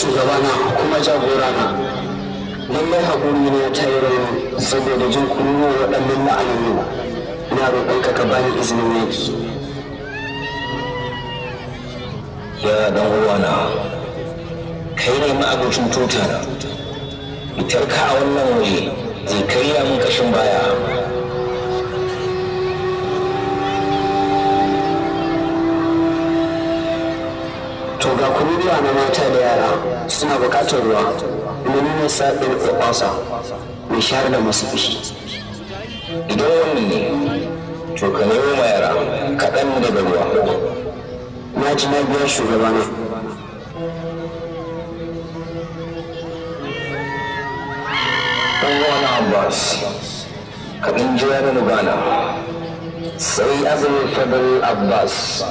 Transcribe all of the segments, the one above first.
shugabana kuma jagora na lallai haƙuri ne ta yi rauni saboda jin kururuwa waɗannan la'anannu na roƙon ka ka bani izinin yaki ya dan uwana kai ne ma'abocin tuta na fitar ka a wannan waje zai karya min kashin baya mata da yara suna bukatar ruwa da nuna saɓin ƙwaƙwasa mai shahar da masu fushi idan wannan ne to ka nemo ma yara kaɗan daga ruwa na ji na biya shugabana ɗan wani abbas kaɗan jira da nubana sai azumin fadal abbas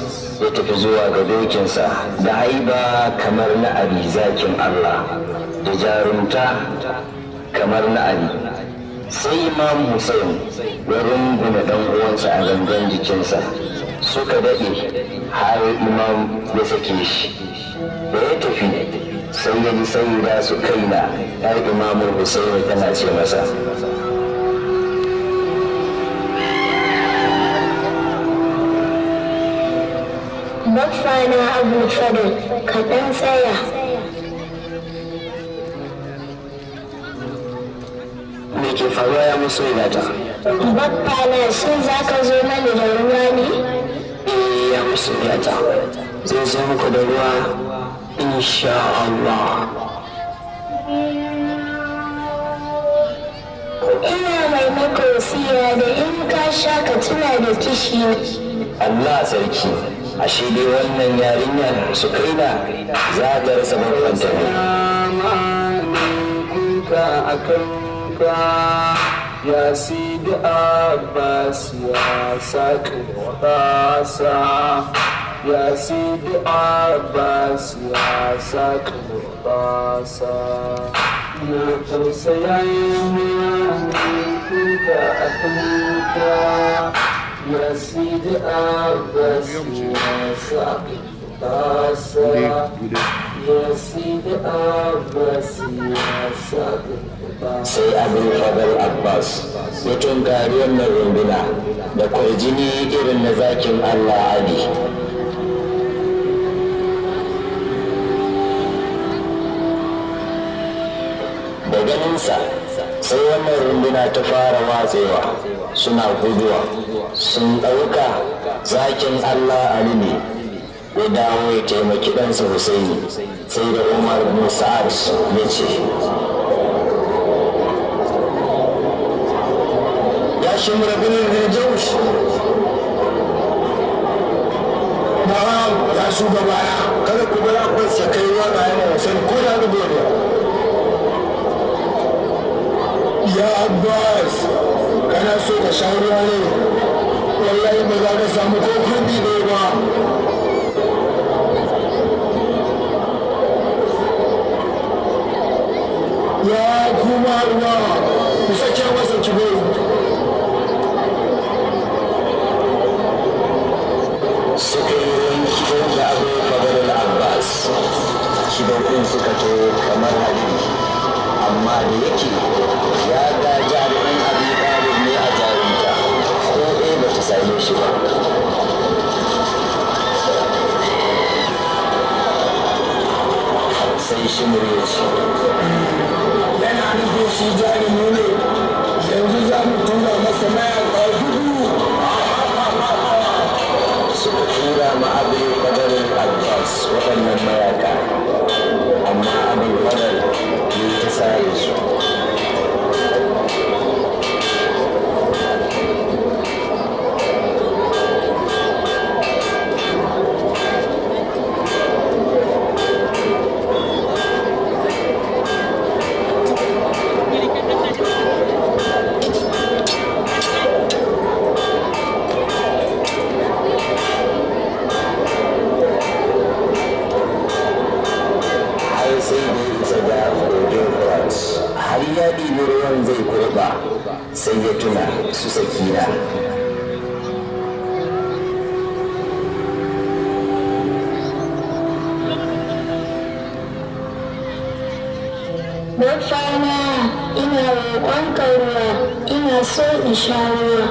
ya tafi zuwa ga dokinsa da haiba kamar na abi zakin allah da jarumta kamar na abi sai imam hussein ya runguna dan uwansa a gangan jikinsa suka daɗe har imam ya sake shi da ya tafi sai ya ji sayi da su kaina ya Musa hussein tana ce masa Fana Abu Fadl, ka ɗan tsaya. Me ke faruwa ya musu yata? Babba na shi za ka zo mani da ruwa ne? Eh ya musu ta, zai zo muku da ruwa insha Allah. Ina mai makosiya da in ka sha ka tuna da kishi. Allah sarki. A dai wannan yarinyar su kaina za ta rasa bambanta ne ya da abbas ya saƙi ƙasa ya da abbas ya saƙi ƙasa na tausayayi ne kuka a kanka مسجد عباس واسع واسع مسجد عباس واسع sai abin fadar abbas mutum gari wannan runduna da kwarjini irin na zakin allah ali da ganinsa sai wannan runduna ta fara watsewa suna guduwa sun ɗauka zakin allah ali ne ya dawo ya taimaki ɗansa husaini sai da umar musa'ad ya ce ya shi murabinin rinjaush na'am ya shugaba kada ku bar akwai kai wa ga yana wasan ko ni gobe ya abbas kana so ka sha ne wallahi ba za ka samu ko kurbi ne ba ya kuma ruwa ku sake masa kibo suka yi rancen da abu kamar al'abbas shi da suka to kamar hadisi amma da yake ya ga jami'in abin ɗalib ne a jarinta ko ɗaya ba ta same shi ba sai shi murya shi yana nufin shi jarumi ne yanzu za mu tura masa mayaka gudu suka tura ma abin kadarin abbas waɗannan mayaka desires. zai kurba sai ya tuna su sakina Bafana ina roƙonka ruwa ina so in sha ruwa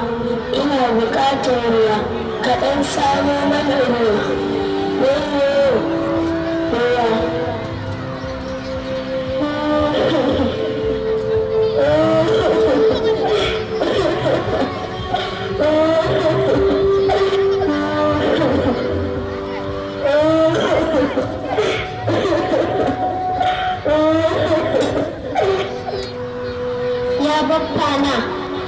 ina buƙatar ruwa kaɗan samo mana ruwa. babbana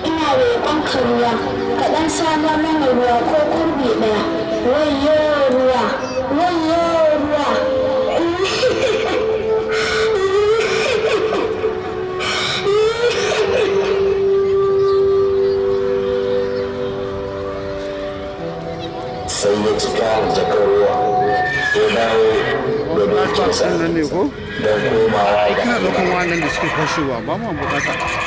ina roƙon ruwa ka ɗan samo mana ruwa ko kurbi ɗaya wayo ruwa wayo ruwa sai ya cika jakar ruwa ya dawo da dokinsa don komawa da ina ɗaukan wannan da suke fashewa ba ma bukata